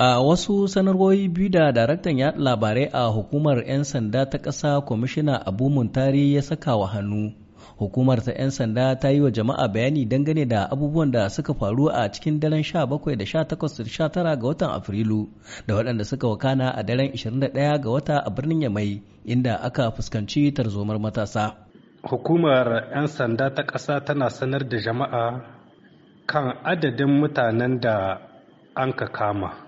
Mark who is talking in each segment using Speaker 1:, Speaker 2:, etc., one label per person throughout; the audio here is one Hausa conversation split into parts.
Speaker 1: A wasu sanarwoyi biyu da daraktan yaɗa labarai a hukumar 'yan sanda ta ƙasa kwamishina Abu Muntari ya saka wa hannu. Hukumar ta 'yan sanda ta yi wa jama'a bayani dangane da abubuwan da suka faru a cikin daren 17 da 18 da ga watan Afrilu da waɗanda suka wakana a daren 21 ga wata a birnin Yamai inda aka fuskanci tarzomar matasa.
Speaker 2: Hukumar 'yan sanda ta ƙasa tana sanar da jama'a kan adadin mutanen da an ka kama.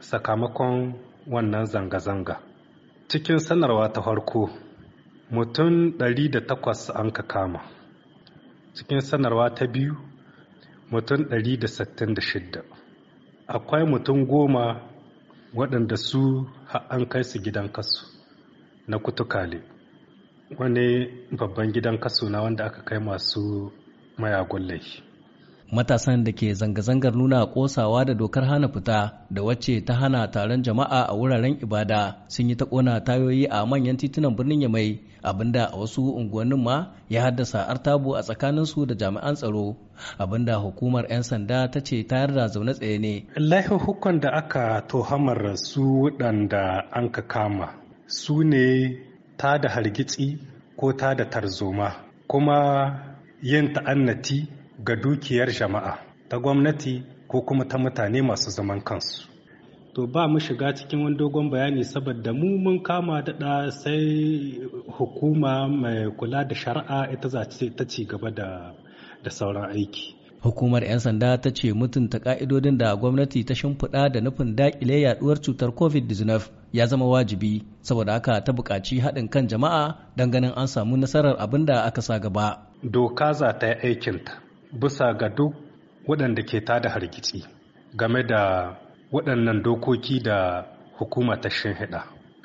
Speaker 2: sakamakon wannan zanga-zanga. Cikin sanarwa ta farko, mutum 108 an ka kama. Cikin sanarwa ta biyu, mutum da 166. Akwai mutum goma waɗanda su an kai su gidan kasu na kutukale. Wani babban gidan kasu na wanda aka kai masu mayagun laifi.
Speaker 1: matasan da ke zanga-zangar nuna kosawa da dokar hana fita da wacce ta hana taron jama'a a wuraren ibada sun yi ta kona tayoyi a manyan titunan birnin yamai abinda a wasu unguwannin ma ya haddasa artabu a tsakanin su da jami'an tsaro abinda hukumar 'yan sanda ta ce tayar da zaune tsaye ne hukun da
Speaker 2: aka tohamar su waɗanda an ka kama su ne ta da hargitsi ko ta da tarzoma kuma yin ta'annati ga dukiyar jama'a ta gwamnati ko kuma ta mutane masu zaman kansu to ba mu shiga cikin wani dogon bayani saboda mu mun kama daɗa sai hukuma mai kula da shari'a ita za ta ci gaba da
Speaker 1: sauran aiki hukumar 'yan sanda ta ce mutunta ka'idodin da gwamnati ta shimfiɗa da nufin daƙile yaɗuwar cutar covid-19 ya zama wajibi saboda haka ta buƙaci haɗin kan jama'a don ganin an samu nasarar abin da aka sa gaba
Speaker 2: doka za ta yi aikinta bisa ga duk waɗanda ke tada hargitsi game da waɗannan dokoki da hukuma ta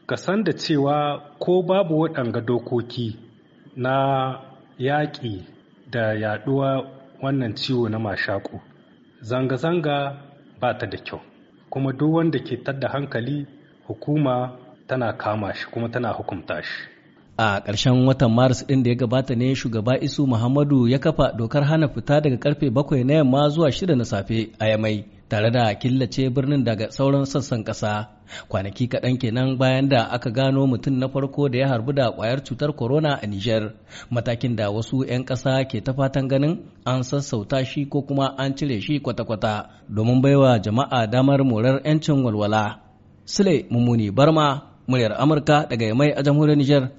Speaker 2: ka san da cewa ko babu waɗanga dokoki na yaƙi da yaɗuwa wannan ciwo na mashaƙo, zanga-zanga ba ta da kyau. Kuma duk wanda ke tadda hankali hukuma tana kama shi kuma tana hukumta shi.
Speaker 1: a ƙarshen watan maris ɗin da ya gabata ne shugaba isu muhammadu ya kafa dokar hana fita daga karfe bakwai na yamma zuwa shida na safe a yamai tare da killace birnin daga sauran sassan ƙasa kwanaki kaɗan kenan bayan da aka gano mutum na farko da ya harbu da ƙwayar cutar corona a Nijar. matakin da wasu 'yan ƙasa ke ta fatan ganin an sassauta shi ko kuma an cire shi kwata-kwata domin baiwa jama'a damar morar 'yancin walwala sule mummuni barma muryar amurka daga yamai a jamhuriyar Nijar.